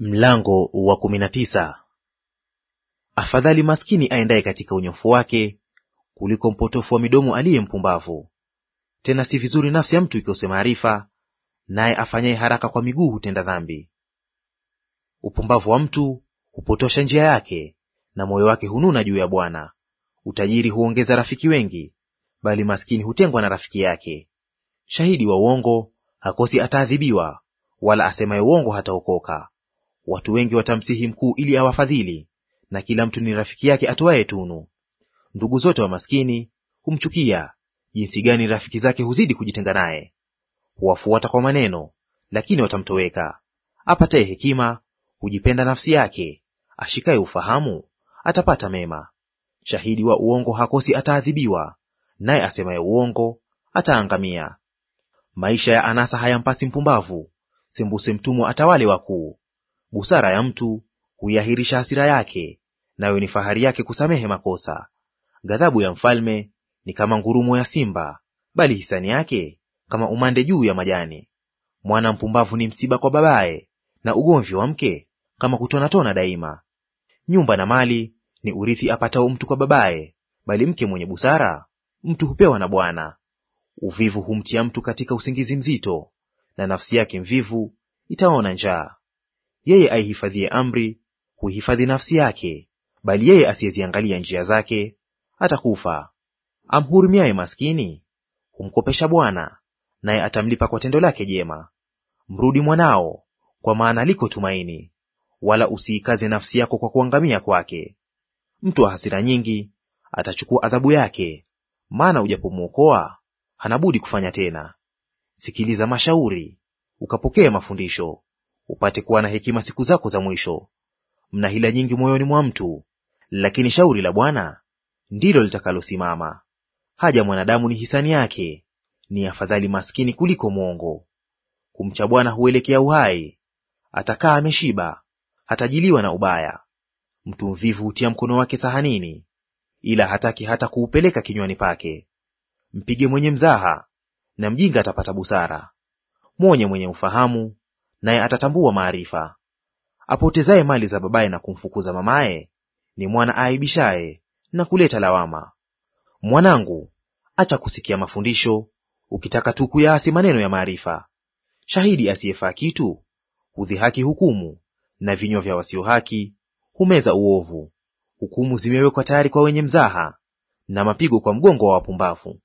Mlango wa kumi na tisa. Afadhali maskini aendaye katika unyofu wake kuliko mpotofu wa midomo aliye mpumbavu. Tena si vizuri nafsi ya mtu ikose maarifa, naye afanyaye haraka kwa miguu hutenda dhambi. Upumbavu wa mtu hupotosha njia yake, na moyo wake hununa juu ya Bwana. Utajiri huongeza rafiki wengi, bali maskini hutengwa na rafiki yake. Shahidi wa uongo hakosi ataadhibiwa, wala asemaye uongo hataokoka. Watu wengi watamsihi mkuu ili awafadhili, na kila mtu ni rafiki yake atoaye tunu. Ndugu zote wa maskini humchukia, jinsi gani rafiki zake huzidi kujitenga naye! Huwafuata kwa maneno, lakini watamtoweka. Apataye hekima hujipenda nafsi yake, ashikaye ufahamu atapata mema. Shahidi wa uongo hakosi ataadhibiwa, naye asemaye uongo ataangamia. Maisha ya anasa hayampasi mpumbavu, sembuse mtumwa atawale wakuu. Busara ya mtu huiahirisha hasira yake, nayo ni fahari yake kusamehe makosa. Ghadhabu ya mfalme ni kama ngurumo ya simba, bali hisani yake kama umande juu ya majani. Mwana mpumbavu ni msiba kwa babaye, na ugomvi wa mke kama kutonatona daima. Nyumba na mali ni urithi apatao mtu kwa babaye, bali mke mwenye busara mtu hupewa na Bwana. Uvivu humtia mtu katika usingizi mzito, na nafsi yake mvivu itaona njaa. Yeye aihifadhie amri huhifadhi nafsi yake, bali yeye asiyeziangalia njia zake atakufa. Amhurumiaye maskini humkopesha Bwana, naye atamlipa kwa tendo lake jema. Mrudi mwanao, kwa maana liko tumaini, wala usiikaze nafsi yako kwa kuangamia kwake. Mtu wa hasira nyingi atachukua adhabu yake, maana ujapomwokoa hanabudi kufanya tena. Sikiliza mashauri, ukapokee mafundisho, upate kuwa na hekima siku zako za mwisho. Mna hila nyingi moyoni mwa mtu, lakini shauri la Bwana ndilo litakalosimama. Haja mwanadamu ni hisani yake, ni afadhali maskini kuliko mwongo. Kumcha Bwana huelekea uhai, atakaa ameshiba, hatajiliwa na ubaya. Mtu mvivu hutia mkono wake sahanini, ila hataki hata kuupeleka kinywani pake. Mpige mwenye mzaha, na mjinga atapata busara. Mwonye mwenye ufahamu, naye atatambua maarifa. Apotezaye mali za babaye na kumfukuza mamaye ni mwana aaibishaye na kuleta lawama. Mwanangu, acha kusikia mafundisho, ukitaka tu kuyaasi maneno ya maarifa. Shahidi asiyefaa kitu hudhihaki hukumu, na vinywa vya wasio haki humeza uovu. Hukumu zimewekwa tayari kwa wenye mzaha, na mapigo kwa mgongo wa wapumbavu.